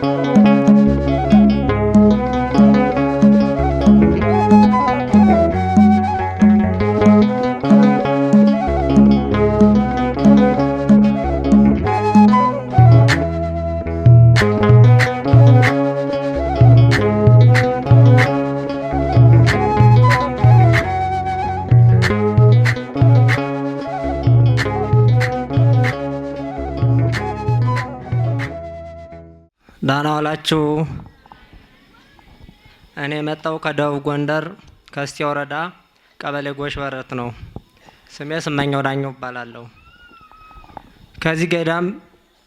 Thank you. የመጣው ከደቡብ ጎንደር ከእስቴ ወረዳ ቀበሌ ጎሽ በረት ነው። ስሜ ስመኛው ዳኘው እባላለሁ። ከዚህ ገዳም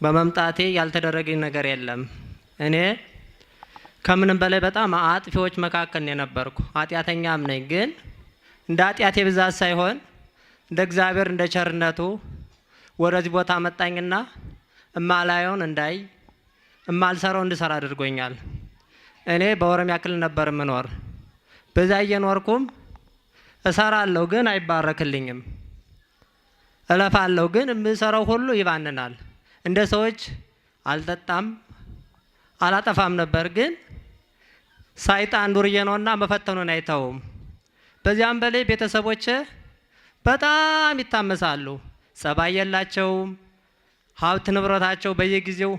በመምጣቴ ያልተደረገኝ ነገር የለም። እኔ ከምንም በላይ በጣም አጥፊዎች መካከል ነው የነበርኩ። ኃጢአተኛም ነኝ። ግን እንደ አጢአቴ ብዛት ሳይሆን እንደ እግዚአብሔር እንደ ቸርነቱ ወደዚህ ቦታ መጣኝና እማላየውን እንዳይ እማልሰራው እንድሰራ አድርጎኛል። እኔ በኦሮሚያ ክልል ነበር ምኖር በዛ እየኖርኩም እሰራለሁ ግን አይባረክልኝም። እለፋለሁ ግን የምሰራው ሁሉ ይባንናል። እንደ ሰዎች አልጠጣም አላጠፋም ነበር። ግን ሳይጣን ዱርዬ ነውና መፈተኑን አይተውም። በዚያም በላይ ቤተሰቦች በጣም ይታመሳሉ። ጸባይ የላቸውም። ሀብት ንብረታቸው በየጊዜው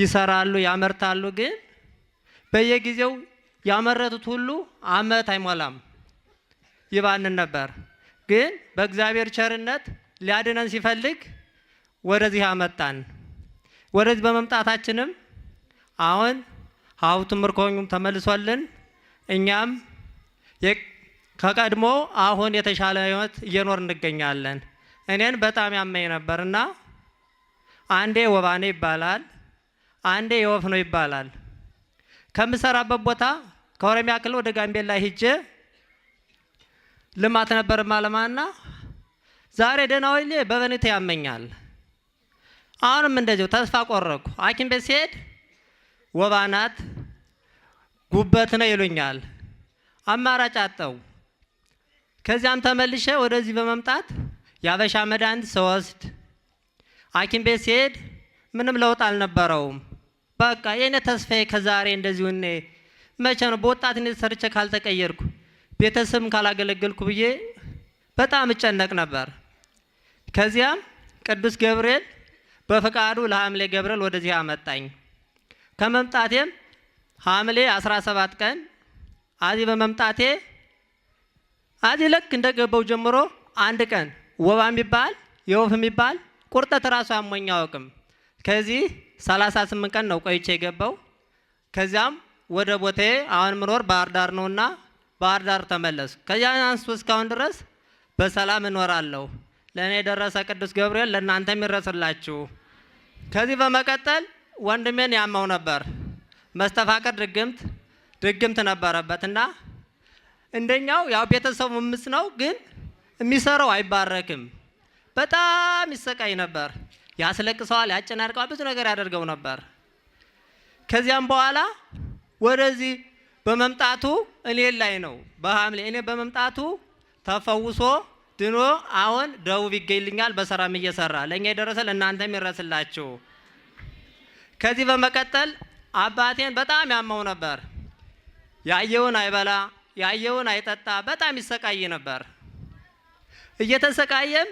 ይሰራሉ፣ ያመርታሉ ግን በየጊዜው ያመረቱት ሁሉ አመት አይሞላም ይባንን ነበር። ግን በእግዚአብሔር ቸርነት ሊያድነን ሲፈልግ ወደዚህ አመጣን። ወደዚህ በመምጣታችንም አሁን ሀብቱም ምርኮኙም ተመልሶልን እኛም ከቀድሞ አሁን የተሻለ ህይወት እየኖር እንገኛለን። እኔን በጣም ያመኝ ነበርና አንዴ ወባኔ ይባላል፣ አንዴ የወፍ ነው ይባላል። ከምሰራበት ቦታ ከኦሮሚያ ክልል ወደ ጋምቤላ ሂጄ ልማት ነበር ማለማና ዛሬ ደህና ሆኜ በበኔታ ያመኛል። አሁንም እንደዚሁ ተስፋ ቆረኩ። ሐኪም ቤት ሲሄድ ወባ ናት ጉበት ነው ይሉኛል። አማራጭ አጣው። ከዚያም ተመልሼ ወደዚህ በመምጣት የአበሻ መድኃኒት ስወስድ ሐኪም ቤት ሲሄድ ምንም ለውጥ አልነበረውም። በቃ የእኔ ተስፋዬ ከዛሬ እንደዚሁ እኔ መቼ ነው በወጣትነት ሰርቼ ካልተቀየርኩ ቤተሰብም ካላገለገልኩ ብዬ በጣም እጨነቅ ነበር። ከዚያም ቅዱስ ገብርኤል በፈቃዱ ለሐምሌ ገብርኤል ወደዚህ አመጣኝ። ከመምጣቴም ሐምሌ 17 ቀን አዚህ በመምጣቴ አዚህ ልክ እንደገባው ጀምሮ አንድ ቀን ወባ የሚባል የወፍ የሚባል ቁርጠት ራሱ አሞኝ አያውቅም። ከዚህ 38 ቀን ነው ቆይቼ የገባው። ከዚያም ወደ ቦታዬ አሁን ምኖር ባህር ዳር ነውና ባህር ዳር ተመለሱ። ከዚያ አንስቶ እስካሁን ድረስ በሰላም እኖራለሁ። ለእኔ የደረሰ ቅዱስ ገብርኤል ለእናንተ ይድረስላችሁ። ከዚህ በመቀጠል ወንድሜን ያመው ነበር፣ መስተፋቀር ድግምት ድግምት ነበረበት እና እንደኛው ያው ቤተሰቡ ምስ ነው፣ ግን የሚሰራው አይባረክም። በጣም ይሰቃይ ነበር። ያስለቅሰዋል፣ ያጨናርቀዋል፣ ብዙ ነገር ያደርገው ነበር። ከዚያም በኋላ ወደዚህ በመምጣቱ እኔ ላይ ነው በሐምሌ እኔ በመምጣቱ ተፈውሶ ድኖ አሁን ደቡብ ይገኝልኛል በሰራም እየሰራ ለእኛ የደረሰ ለእናንተም ይረስላችሁ። ከዚህ በመቀጠል አባቴን በጣም ያመው ነበር። ያየውን አይበላ፣ ያየውን አይጠጣ፣ በጣም ይሰቃይ ነበር። እየተሰቃየም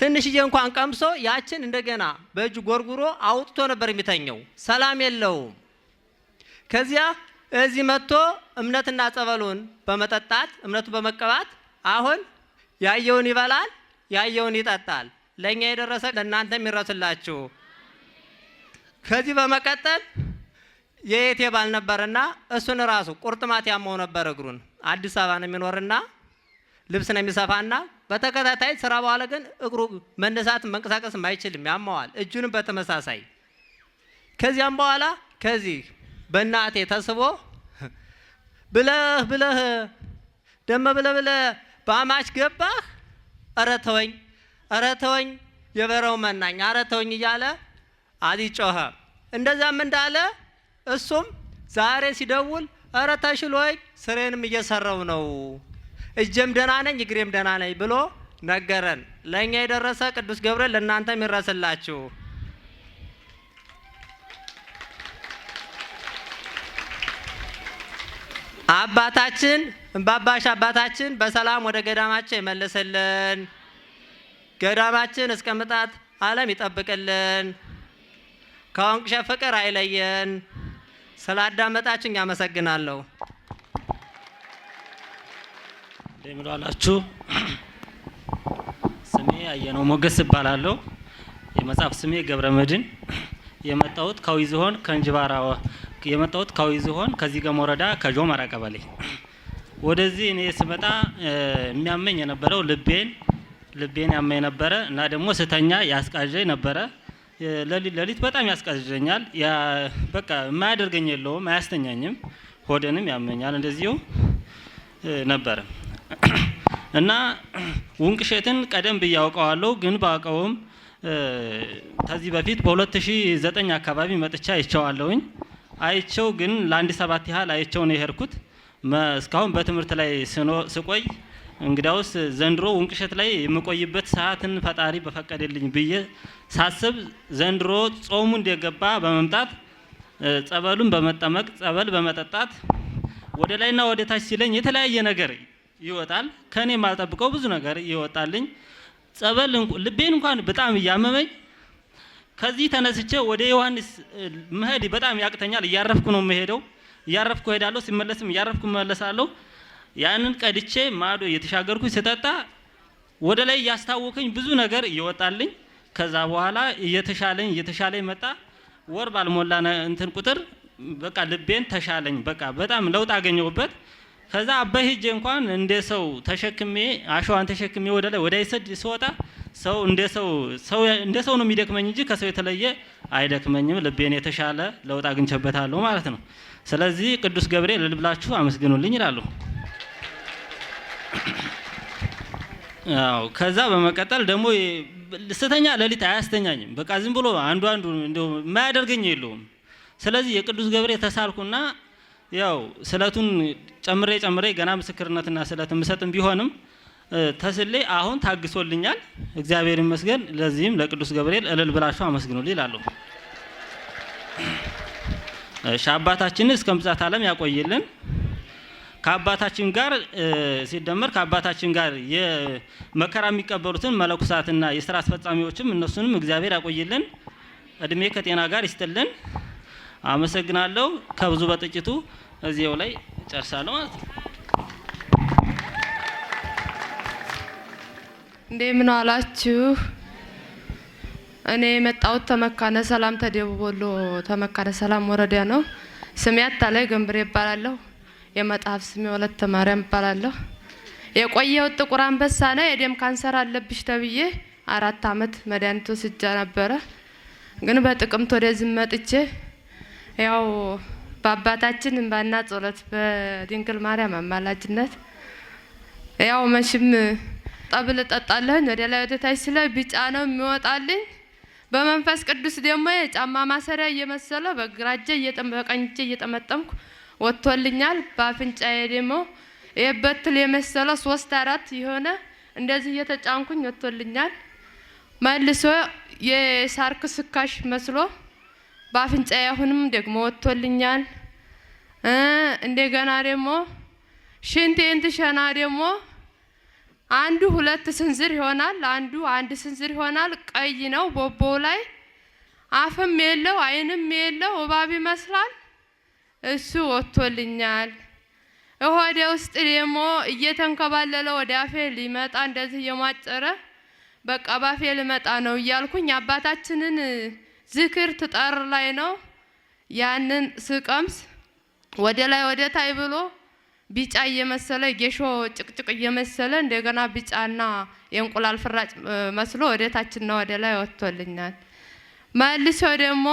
ትንሽዬ እንኳን ቀምሶ ያችን እንደገና በእጅ ጎርጉሮ አውጥቶ ነበር የሚተኘው። ሰላም የለውም። ከዚያ እዚህ መጥቶ እምነትና ጸበሉን በመጠጣት እምነቱ በመቀባት አሁን ያየውን ይበላል፣ ያየውን ይጠጣል። ለእኛ የደረሰ ለእናንተ የሚረስላችሁ። ከዚህ በመቀጠል የየቴ ባል ነበርና እሱን ራሱ ቁርጥማት ያመው ነበር እግሩን። አዲስ አበባ ነው የሚኖርና ልብስ ነው የሚሰፋና በተከታታይ ስራ በኋላ ግን እግሩ መነሳት መንቀሳቀስም አይችልም፣ ያማዋል። እጁንም በተመሳሳይ ከዚያም በኋላ ከዚህ በእናቴ ተስቦ ብለህ ብለህ ደመ ብለህ ብለህ በአማች ገባህ፣ እረተወኝ እረተወኝ የበረው መናኝ፣ አረተወኝ እያለ አዚ ጮኸ። እንዳለ እሱም ዛሬ ሲደውል ኧረ ተሽሎኝ ስሬንም እየሰራው ነው እጄም ደህና ነኝ እግሬም ደህና ነኝ ብሎ ነገረን። ለእኛ የደረሰ ቅዱስ ገብርኤል ለእናንተም ይረስላችሁ አባታችን እምባባሽ አባታችን በሰላም ወደ ገዳማቸው ይመልስልን። ገዳማችን እስከ ምጣት ዓለም ይጠብቅልን። ከወንቅሸ ፍቅር አይለየን። ስላዳመጣችሁ አመሰግናለሁ። እንደምን ስሜ አየነው ሞገስ እባላለሁ። የመጽሐፍ ስሜ ገብረ መድን። የመጣሁት ካዊ ዝሆን ከእንጅባራ የመጣሁት ካዊ ዞን ከዚህ ወረዳ ከጆመራ ቀበሌ። ወደዚህ እኔ ስመጣ የሚያመኝ የነበረው ልቤን ልቤን ያመኝ ነበረ እና ደግሞ ስተኛ ያስቃዣኝ ነበረ። ለሊት ለሊት በጣም ያስቃዣኛል በቃ የማያደርገኝ የለውም፣ አያስተኛኝም። ሆደንም ያመኛል እንደዚሁ ነበረ። እና ውንቅሸትን ቀደም ብዬ አውቀዋለሁ፣ ግን ባውቀውም ከዚህ በፊት በ2009 አካባቢ መጥቻ አይቸዋለሁኝ። አይቸው ግን ለአንድ ሰባት ያህል አይቸው ነው የሄድኩት። እስካሁን በትምህርት ላይ ስቆይ እንግዲያውስ ዘንድሮ ውንቅሸት ላይ የምቆይበት ሰዓትን ፈጣሪ በፈቀደልኝ ብዬ ሳስብ ዘንድሮ ጾሙ እንደገባ በመምጣት ጸበሉን በመጠመቅ ጸበል በመጠጣት ወደ ላይና ወደ ታች ሲለኝ የተለያየ ነገር ይወጣል። ከእኔ የማልጠብቀው ብዙ ነገር ይወጣልኝ። ጸበል ልቤን እንኳን በጣም እያመመኝ ከዚህ ተነስቼ ወደ ዮሐንስ መሄድ በጣም ያቅተኛል። እያረፍኩ ነው የምሄደው። እያረፍኩ እሄዳለሁ፣ ሲመለስም እያረፍኩ መለሳለሁ። ያንን ቀድቼ ማዶ እየተሻገርኩ ስጠጣ ወደ ላይ እያስታወከኝ ብዙ ነገር ይወጣልኝ። ከዛ በኋላ እየተሻለኝ እየተሻለኝ መጣ። ወር ባልሞላ እንትን ቁጥር በቃ ልቤን ተሻለኝ። በቃ በጣም ለውጥ አገኘሁበት። ከዛ አበሂጅ እንኳን እንደ ሰው ተሸክሜ አሸዋን ተሸክሜ ወደ ላይ ወደ ይሰድ ስወጣ ሰው እንደ ሰው ሰው እንደ ሰው ነው የሚደክመኝ እንጂ ከሰው የተለየ አይደክመኝም። ልቤን የተሻለ ለውጥ አግኝቼበታለሁ ማለት ነው። ስለዚህ ቅዱስ ገብርኤል ልብላችሁ አመስግኑልኝ ይላሉ። አዎ ከዛ በመቀጠል ደግሞ ስተኛ ሌሊት አያስተኛኝም። በቃ ዝም ብሎ አንዱ አንዱ እንደው የማያደርገኝ የለውም። ስለዚህ የቅዱስ ገብርኤል ተሳልኩና ያው ስለቱን ጨምሬ ጨምሬ ገና ምስክርነትና ስለት የምሰጥም ቢሆንም ተስሌ አሁን ታግሶልኛል። እግዚአብሔር ይመስገን። ለዚህም ለቅዱስ ገብርኤል እልል ብላችሁ አመስግኑልኝ እላለሁ። እሺ አባታችን እስከ ምጽአተ ዓለም ያቆይልን። ከአባታችን ጋር ሲደመር ከአባታችን ጋር የመከራ የሚቀበሉትን መለኩሳትና የስራ አስፈጻሚዎችም እነሱንም እግዚአብሔር ያቆይልን፣ እድሜ ከጤና ጋር ይስጥልን። አመሰግናለሁ። ከብዙ በጥቂቱ እዚያው ላይ ጨርሳለሁ ማለት ነው። እንደምን አላችሁ? እኔ የመጣሁት ተመካነ ሰላም ተደቡብ ወሎ ተመካነ ሰላም ወረዳ ነው። ስሜ አታላይ ገንብሬ ይባላለሁ። የመጽሐፍ ስሜ ወለተ ማርያም ይባላለሁ። የቆየው ጥቁር አንበሳ ነው። የደም ካንሰር አለብሽ ተብዬ አራት አመት መድኃኒት ወስጃ ነበረ ግን በጥቅምት ወደዚህ መጥቼ ያው በአባታችን እንባና ጸሎት በድንግል ማርያም አማላጅነት ያው መሽም ጠብል ጠጣለህን ወደ ላይ ወደታች ስለ ቢጫ ነው የሚወጣልኝ። በመንፈስ ቅዱስ ደግሞ የጫማ ማሰሪያ እየመሰለ በግራ እጄ እየጠመጠምኩ ወጥቶልኛል። በአፍንጫዬ ደግሞ የበትል የመሰለ ሶስት አራት የሆነ እንደዚህ እየተጫንኩኝ ወጥቶልኛል። መልሶ የሳርክ ስካሽ መስሎ በአፍንጫ አሁንም ደግሞ ወጥቶልኛል። እንደገና ደግሞ ሽንቴን ትሸና ደግሞ አንዱ ሁለት ስንዝር ይሆናል፣ አንዱ አንድ ስንዝር ይሆናል። ቀይ ነው ቦቦው ላይ አፍም የለው አይንም የለው እባብ ይመስላል። እሱ ወጥቶልኛል። ሆዴ ውስጥ ደግሞ እየተንከባለለ ወደ አፌ ሊመጣ እንደዚህ እየሟጨረ በቃ ባፌ ልመጣ ነው እያልኩኝ አባታችንን ዝክር ትጠር ላይ ነው። ያንን ስቀምስ ወደ ላይ ወደ ታይ ብሎ ቢጫ እየመሰለ ጌሾ ጭቅጭቅ እየመሰለ እንደገና ቢጫና የእንቁላል ፍራጭ መስሎ ወደ ታችና ወደ ላይ ወጥቶልኛል። መልሶ ደግሞ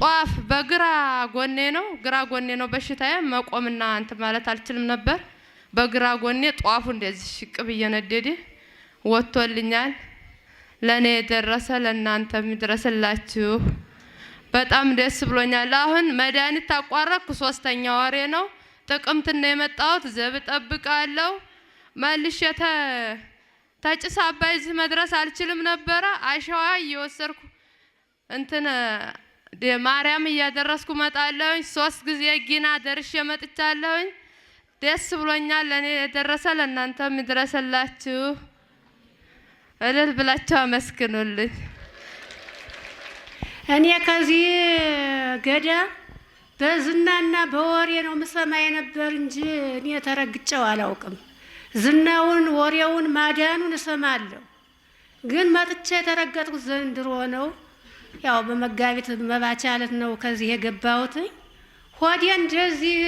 ጧፍ በግራ ጎኔ ነው፣ ግራ ጎኔ ነው በሽታዬ። መቆምና እንትን ማለት አልችልም ነበር። በግራ ጎኔ ጧፉ እንደዚህ ሽቅብ እየነደደ ወጥቶልኛል። ለእኔ የደረሰ ለእናንተም ይድረስላችሁ። በጣም ደስ ብሎኛል። አሁን መድኃኒት ታቋረኩ ሶስተኛ ወሬ ነው። ጥቅምት ነው የመጣሁት። ዘብ ጠብቃለሁ። መልሼ ተጭስ አባይ እዚህ መድረስ አልችልም ነበረ። አሸዋ እየወሰድኩ እንትን ማርያም እያደረስኩ መጣለሁኝ። ሶስት ጊዜ ጊና ደርሼ መጥቻለሁኝ። ደስ ብሎኛል። ለእኔ የደረሰ ለእናንተም ይድረስላችሁ። እልል ብላቸው አመስግኑልኝ። እኔ ከዚህ ገዳም በዝናና በወሬ ነው ምሰማ የነበር እንጂ እኔ ተረግጨው አላውቅም። ዝናውን፣ ወሬውን፣ ማዳኑን እሰማለሁ፣ ግን መጥቼ የተረገጥኩት ዘንድሮ ነው። ያው በመጋቢት መባቻለት ነው ከዚህ የገባሁት። ሆዴ እንደዚህ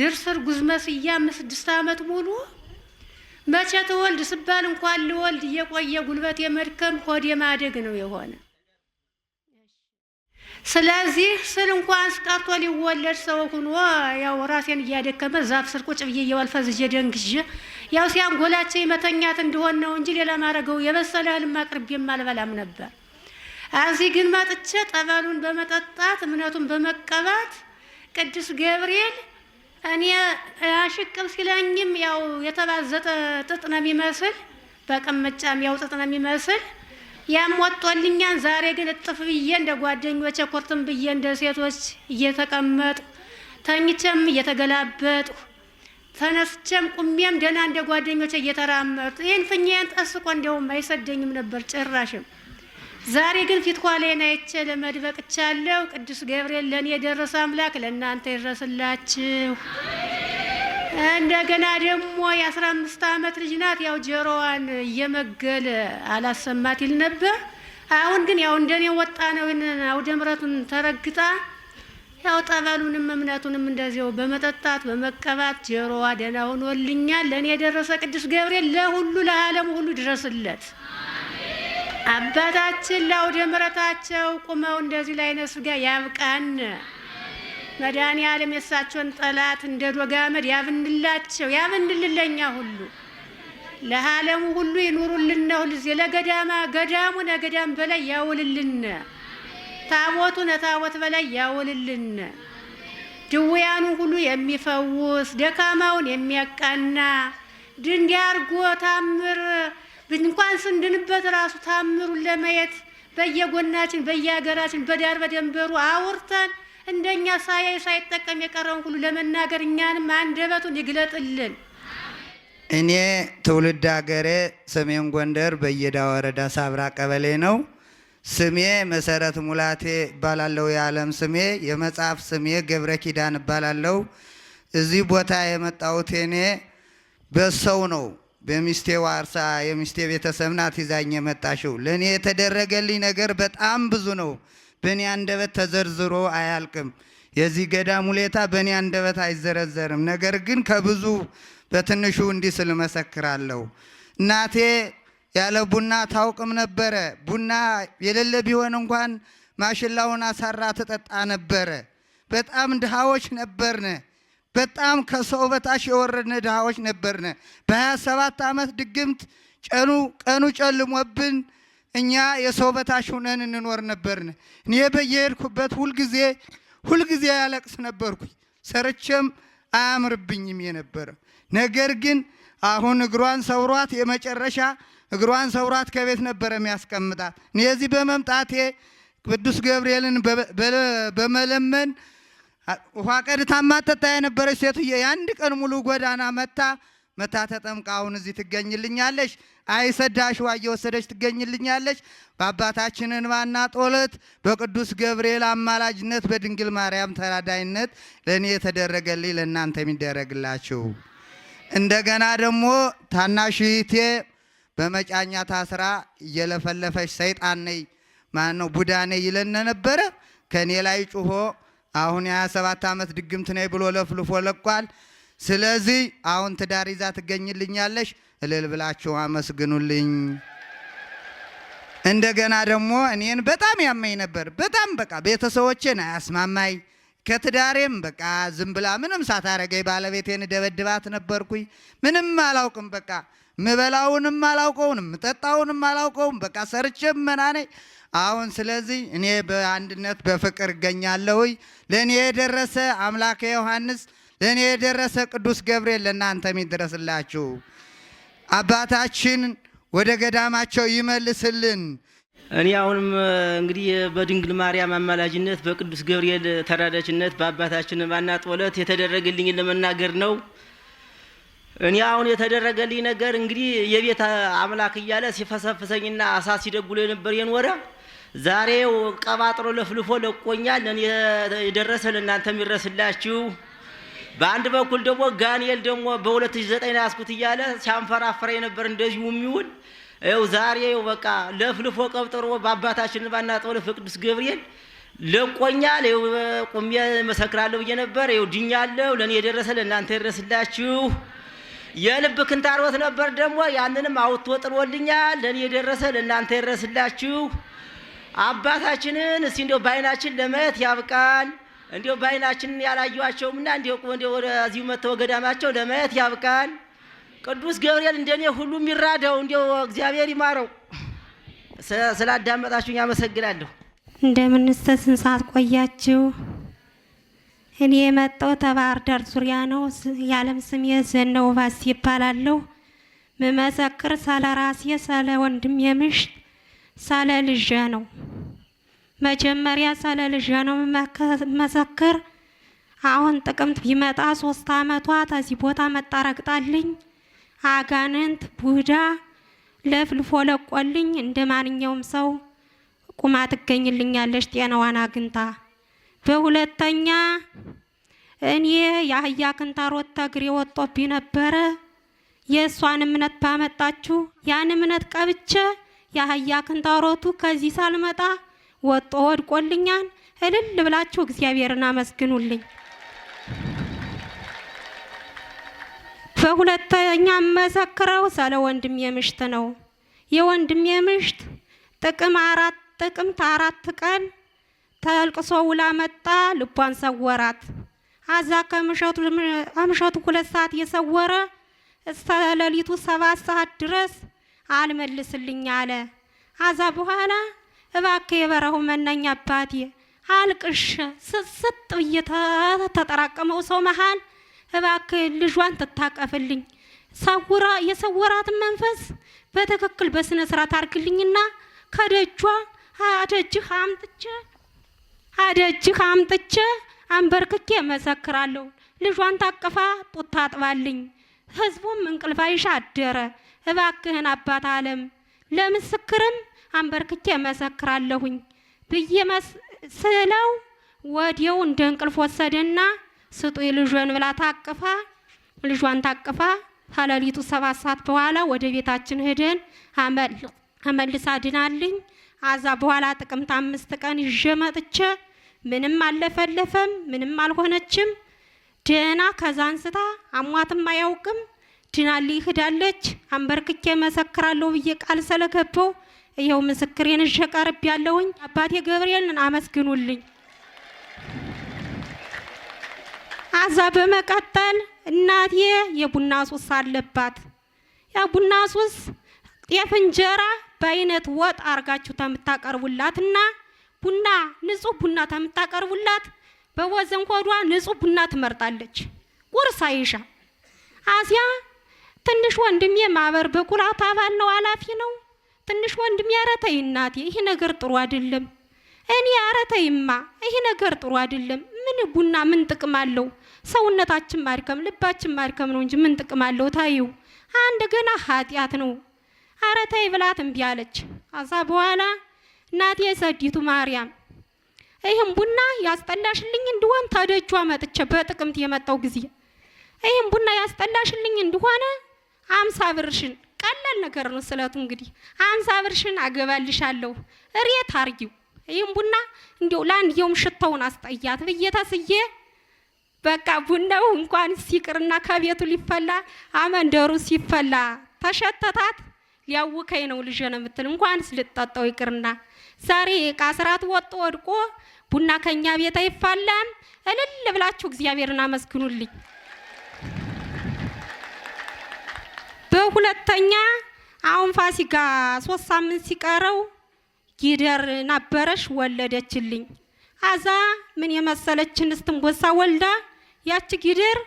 ድርስር ጉዝመስያ አምስት ስድስት ዓመት ሙሉ መቼ ትወልድ ስባል እንኳን ልወልድ እየቆየ ጉልበት የመድከም ሆድ የማደግ ነው የሆነ። ስለዚህ ስል እንኳን ስቀርቶ ሊወለድ ሰው ሁኖ ያው ራሴን እያደከመ ዛፍ ስር ቁጭ ብዬ የዋልፈዝ እዤ ደንግዤ ያው ሲያንጎላቸው መተኛት እንደሆን ነው እንጂ ሌላ ማድረገው የበሰለ እህልም አቅርቤም አልበላም ነበር። እዚህ ግን መጥቼ ጠበሉን በመጠጣት እምነቱን በመቀባት ቅዱስ ገብርኤል እኔ አሽቅብ ሲለኝም ያው የተባዘጠ ጥጥ ነው የሚመስል በቅምጫም ያው ጥጥ ነው የሚመስል ያም ወጦልኛን። ዛሬ ግን እጥፍ ብዬ እንደ ጓደኞቼ ኮርትም ብዬ እንደ ሴቶች እየተቀመጡ ተኝቼም እየተገላበጥ ተነስቼም ቁሜም ደህና እንደ ጓደኞቼ እየተራመጡ ይህን ፍኛን ጠስቆ እንደውም አይሰደኝም ነበር ጭራሽም። ዛሬ ግን ፊት ኳሌን አይቼ ለመድበቅ ቻለሁ። ቅዱስ ገብርኤል ለእኔ የደረሰ አምላክ ለእናንተ ይድረስላችሁ። እንደገና ደግሞ የአስራ አምስት ዓመት ልጅ ናት። ያው ጆሮዋን እየመገለ አላሰማት ይል ነበር። አሁን ግን ያው እንደኔ ወጣ ነው አውደ ምረቱን ተረግጣ ያው ጠበሉንም እምነቱንም እንደዚው በመጠጣት በመቀባት ጆሮዋ ደህና ሆኖልኛል። ለእኔ የደረሰ ቅዱስ ገብርኤል ለሁሉ ለዓለም ሁሉ ድረስለት። አባታችን ለአውደ ምሕረታቸው ቁመው እንደዚህ ላይ ነው ያብቃን። መድኃኔ ዓለም የእሳቸውን ጠላት እንደ ዶጋመድ ያብንላቸው፣ ያብንልን ሁሉ ለዓለሙ ሁሉ ይኑሩልን። ሁልጊዜ ለገዳማ ገዳሙ ነገዳም በላይ ያውልልን። ታቦቱ ነታቦት በላይ ያውልልን። ድውያኑ ሁሉ የሚፈውስ ደካማውን የሚያቃና ድንጋይ አርጎ ታምር እንኳን ስንድንበት ራሱ ታምሩን ለማየት በየጎናችን በየሀገራችን በዳር በደንበሩ አውርተን እንደኛ ሳያይ ሳይጠቀም የቀረውን ሁሉ ለመናገር እኛንም አንደበቱን ይግለጥልን። እኔ ትውልድ ሀገሬ ሰሜን ጎንደር በየዳ ወረዳ ሳብራ ቀበሌ ነው። ስሜ መሰረት ሙላቴ እባላለሁ። የዓለም ስሜ የመጽሐፍ ስሜ ገብረ ኪዳን እባላለሁ። እዚህ ቦታ የመጣሁት እኔ በሰው ነው በሚስቴ ዋርሳ የሚስቴ ቤተሰብ ናት ይዛኝ የመጣሽው። ለእኔ የተደረገልኝ ነገር በጣም ብዙ ነው፣ በእኔ አንደበት ተዘርዝሮ አያልቅም። የዚህ ገዳም ሁኔታ በእኔ አንደበት አይዘረዘርም። ነገር ግን ከብዙ በትንሹ እንዲህ ስል እናቴ ያለ ቡና ታውቅም ነበረ። ቡና የሌለ ቢሆን እንኳን ማሽላውን አሳራ ትጠጣ ነበረ። በጣም ድሃዎች ነበርን። በጣም ከሰው በታች የወረድነ ድሃዎች ነበርነ። በሀያ ሰባት ዓመት ድግምት ጨኑ ቀኑ ጨልሞብን እኛ የሰው በታች ሁነን እንኖር ነበርነ። እኔ በየሄድኩበት ሁልጊዜ ሁልጊዜ ያለቅስ ነበርኩ። ሰርቼም አያምርብኝም የነበረ ነገር ግን አሁን እግሯን ሰውሯት የመጨረሻ እግሯን ሰውሯት ከቤት ነበረ የሚያስቀምጣት። እኔ እዚህ በመምጣቴ ቅዱስ ገብርኤልን በመለመን ውሃ ቀድታማ ጠጣ የነበረች ሴትዬ የአንድ ቀን ሙሉ ጎዳና መታ መታ ተጠምቃ አሁን እዚህ ትገኝልኛለች። አይሰዳሽ ዋ እየወሰደች ትገኝልኛለች። በአባታችን እንባና ጦለት በቅዱስ ገብርኤል አማላጅነት በድንግል ማርያም ተራዳይነት ለእኔ የተደረገልኝ ለእናንተ የሚደረግላችሁ። እንደገና ደግሞ ታናሽቴ በመጫኛ ታስራ እየለፈለፈች ሰይጣን ነይ ማነው ቡዳ ነይ ይለን ነበረ ከእኔ ላይ ጩሆ አሁን የሀያ ሰባት ዓመት ድግምት ነይ ብሎ ለፍልፎ ለቋል። ስለዚህ አሁን ትዳር ይዛ ትገኝልኛለሽ። እልል ብላችሁ አመስግኑልኝ። እንደገና ደግሞ እኔን በጣም ያመኝ ነበር። በጣም በቃ ቤተሰቦቼን አያስማማኝ ከትዳሬም በቃ ዝም ብላ ምንም ሳታረገኝ ባለቤቴን ደበድባት ነበርኩኝ። ምንም አላውቅም በቃ ምበላውንም አላውቀውንም ምጠጣውንም አላውቀውም። በቃ ሰርቼም መናኔ አሁን ስለዚህ እኔ በአንድነት በፍቅር እገኛለሁ። ለእኔ የደረሰ አምላከ ዮሐንስ፣ ለእኔ የደረሰ ቅዱስ ገብርኤል ለእናንተ የሚደረስላችሁ አባታችን ወደ ገዳማቸው ይመልስልን። እኔ አሁንም እንግዲህ በድንግል ማርያም አማላጅነት በቅዱስ ገብርኤል ተራዳችነት በአባታችን ባና ጦለት የተደረገልኝ ለመናገር ነው። እኔ አሁን የተደረገልኝ ነገር እንግዲህ የቤት አምላክ እያለ ሲፈሰፍሰኝና አሳ ሲደጉሎ የነበር የኖረ ዛሬ ቀባጥሮ ለፍልፎ ለቆኛል። ለኔ የደረሰ ለእናንተ የሚደረስላችሁ። በአንድ በኩል ደግሞ ጋንኤል ደግሞ በ2009 ያስኩት እያለ ሲያንፈራፈረ የነበር እንደዚሁ የሚውል ው ዛሬ በቃ ለፍልፎ ቀብጥሮ በአባታችን ባናጠለፍ ቅዱስ ገብርኤል ለቆኛል። ቁሜ መሰክራለሁ ብዬ ነበር። ው ድኛለሁ። ለእኔ የደረሰ ለእናንተ ይደረስላችሁ። የልብ ክንታሮት ነበር ደግሞ ያንንም አውጥቶ ጥሎልኛል። ለእኔ የደረሰ ለእናንተ ይደረስላችሁ። አባታችንን እስቲ እንዲያው በዓይናችን ለማየት ያብቃን። እንዲያው በዓይናችን ያላየዋቸውምና እንዲሁ እንዲያው ወደዚሁ መተው ገዳማቸው ለማየት ያብቃን። ቅዱስ ገብርኤል እንደኔ ሁሉ የሚራዳው እንዲሁ እግዚአብሔር ይማረው። ስላዳመጣችሁኝ አመሰግናለሁ። እንደምን እስከ ስንት ሰዓት ቆያችሁ? እኔ የመጣው ተባህር ዳር ዙሪያ ነው። የዓለም ስሜ ዘነው ባስ ይባላለሁ። ምመሰክር ስለ ራሴ ስለ ወንድም ምሽት ሳለ ልዣ ነው። መጀመሪያ ሳለ ልዣ ነው መሰክር። አሁን ጥቅምት ቢመጣ ሶስት አመቷ ተዚህ ቦታ መጣረግጣልኝ አጋንንት ቡዳ ለፍልፎ ለቆልኝ እንደ ማንኛውም ሰው ቁማ ትገኝልኛለች ጤናዋን አግኝታ። በሁለተኛ እኔ የአህያ ክንታሮት ተግሬ ወጦብኝ ነበረ። የእሷን እምነት ባመጣችሁ ያን እምነት ቀብቼ የአህያ ክንታሮቱ ከዚህ ሳልመጣ ወጦ ወድቆልኛል። እልል ብላችሁ እግዚአብሔርን አመስግኑልኝ። በሁለተኛ መሰክረው ስለ ወንድም የምሽት ነው። የወንድም የምሽት ጥቅም አራት ጥቅምት አራት ቀን ተልቅሶ ውላ መጣ ልቧን ሰወራት። አዛ ከምሸቱ ሁለት ሰዓት የሰወረ እስከ ሌሊቱ ሰባት ሰዓት ድረስ አልመልስልኝ አለ። አዛ በኋላ እባክህ የበረሁ መናኝ አባቴ አልቅሽ ስስጥ እየተጠራቀመው ተጠራቀመው ሰው መሃል እባክህ ልጇን ትታቀፍልኝ ሰውራ የሰወራትን መንፈስ በትክክል በስነ ስርዓት አርግልኝና ከደጇ አደጅህ አምጥቼ አደጅህ አምጥቼ አንበርክኬ መሰክራለሁ። ልጇን ታቅፋ ጡት ታጥባልኝ። ህዝቡም እንቅልፍ አይሻ አደረ። እባክህን አባት አለም ለምስክርም አንበርክቼ መሰክራለሁኝ ብዬ ስለው ወዲያው እንደ እንቅልፍ ወሰደና ስጡ ልጇን ብላ ታቅፋ ልጇን ታቅፋ ከሌሊቱ ሰባት ሰዓት በኋላ ወደ ቤታችን ሄደን አመልሳ ድናልኝ። አዛ በኋላ ጥቅምት አምስት ቀን ይዤ መጥቼ ምንም አለፈለፈም፣ ምንም አልሆነችም። ደህና ከዛ አንስታ አሟትም አያውቅም። ድናሊ ሂዳለች አንበርክኬ መሰክራለሁ ብዬ ቃል ስለገባው ይኸው ምስክሬን ይዤ ቀርብ ያለውኝ አባቴ ገብርኤልን አመስግኑልኝ። አዛ በመቀጠል እናቴ የቡና ሱስ አለባት። ያ ቡና ሱስ ጤፍ እንጀራ በአይነት ወጥ አርጋችሁ ተምታቀርቡላትና ቡና ንጹህ ቡና ተምታቀርቡላት በወዘን ኮዷ ንጹህ ቡና ትመርጣለች። ቁርስ አይሻ አሲያ ትንሽ ወንድሜ ማህበር በኩራት አባል ነው፣ ኃላፊ ነው። ትንሽ ወንድሜ አረተይ እናቴ፣ ይህ ነገር ጥሩ አይደለም። እኔ አረተይማ፣ ይህ ነገር ጥሩ አይደለም። ምን ቡና ምን ጥቅም አለው? ሰውነታችን ማድከም፣ ልባችን ማድከም ነው እንጂ ምን ጥቅም አለው? ታዩ አንድ ገና ኃጢአት ነው። አረተይ ብላት እምቢ አለች። አዛ በኋላ እናቴ ሰዲቱ ማርያም ይህም ቡና ያስጠላሽልኝ እንዲሆን ተደጇ መጥቼ በጥቅምት የመጣው ጊዜ ይህም ቡና ያስጠላሽልኝ እንደሆነ አምሳ ብርሽን ቀላል ነገር ነው ስለቱ እንግዲህ አምሳ ብርሽን አገባልሻለሁ እሬት አርጊው ይህም ቡና ለአንድ የውም ሽታውን አስጠያት ብዬ ተስዬ በቃ ቡናው እንኳን ሲቅርና ከቤቱ ሊፈላ አመንደሩ ሲፈላ ተሸተታት። ሊያውከኝ ነው ልጄ ነው የምትል እንኳንስ ልጠጣው ይቅርና ዛሬ ዕቃ ስርዓት ወድቆ ቡና ከእኛ ቤት አይፋለም። እልል ብላችሁ እግዚአብሔርን አመስግኑልኝ። በሁለተኛ አሁን ፋሲካ ሶስት ሳምንት ሲቀረው ጊደር ነበረሽ ወለደችልኝ። አዛ ምን የመሰለች እንስትንጎሳ ወልዳ ያቺ ጊደር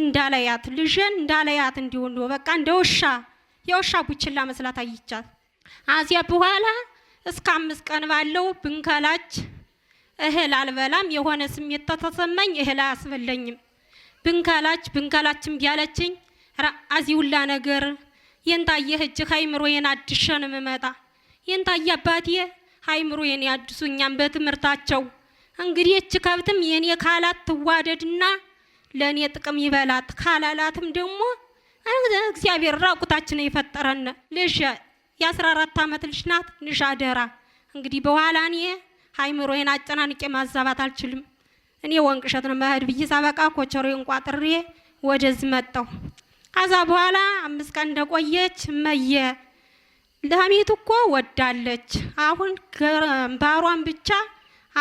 እንዳለያት ልጄን እንዳለያት እንዲሆን በቃ እንደ ውሻ የውሻ ቡችላ መስላት አይቻት። አዚያ በኋላ እስከ አምስት ቀን ባለው ብንከላች እህል አልበላም የሆነ ስሜት ተተሰማኝ እህል አያስበለኝም ብንከላች ብንከላችም ያለችኝ አዚውላ ነገር የንታየ ህጅ ሀይምሮዬን አድሸን ምመጣ የንታየ አባቴ ሀይምሮዬን ያድሱ እኛም በትምህርታቸው እንግዲህ እች ከብትም የኔ ካላት ትዋደድና ለእኔ ጥቅም ይበላት ካላላትም ደግሞ እግዚአብሔር ራቁታችን የፈጠረን ልሽ የአስራ አራት አመት ልሽ ናት ንሽ አደራ እንግዲህ በኋላ እኔ ሀይምሮዬን አጨናንቄ ማዛባት አልችልም። እኔ ወንቅ እሸት ነው መሄድ ብዬ ሳበቃ ኮቸሬን ቋጥሬ ወደዚህ መጣሁ። ከዛ በኋላ አምስት ቀን እንደቆየች መየ ለሚት እኮ ወዳለች አሁን ባሯን ብቻ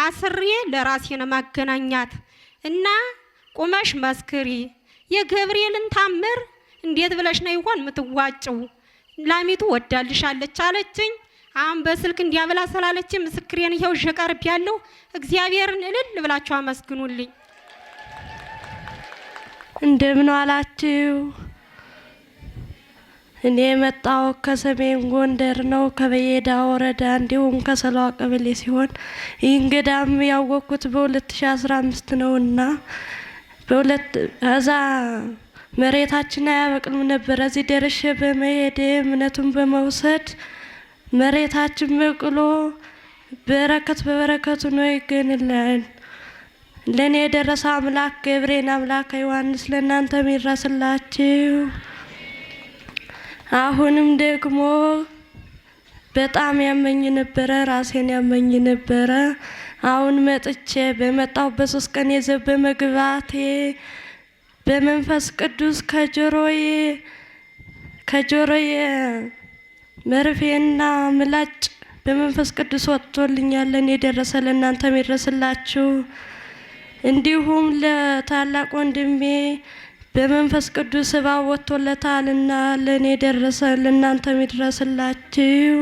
አስሬ ለራሴ ነው ማገናኛት እና ቁመሽ መስክሪ የገብርኤልን ታምር እንዴት ብለሽ ነው ይሆን የምትዋጭው? ላሚቱ ወዳልሻለች አለችኝ። አሁን በስልክ እንዲያበላ ስላለች ምስክሬን ይኸው ሸቀርብ ያለው እግዚአብሔርን እልል ብላችሁ አመስግኑልኝ። እንደምን አላችሁ? እኔ የመጣው ከሰሜን ጎንደር ነው ከበየዳ ወረዳ እንዲሁም ከሰላዋ ቀበሌ ሲሆን ይህ እንግዳም ያወቅኩት በ2015 ነው እና በሁለት እዛ መሬታችን አያበቅልም ነበር እዚህ ደረሼ በመሄድ እምነቱን በመውሰድ መሬታችን በቅሎ በረከት በበረከቱ ነው ይገንላል። ለእኔ የደረሰ አምላክ ገብሬን አምላክ ዮሐንስ ለእናንተ ይድረስላችሁ። አሁንም ደግሞ በጣም ያመኝ ነበረ፣ ራሴን ያመኝ ነበረ። አሁን መጥቼ በመጣው በሶስት ቀን የዘ በመግባቴ በመንፈስ ቅዱስ ከጆሮዬ ከጆሮዬ መርፌና ምላጭ በመንፈስ ቅዱስ ወጥቶልኛለን። የደረሰ ለእናንተም ይድረስላችሁ። እንዲሁም ለታላቅ ወንድሜ በመንፈስ ቅዱስ እባብ ወጥቶለታልና ለእኔ ደረሰ፣ ለእናንተም ይድረስላችሁ።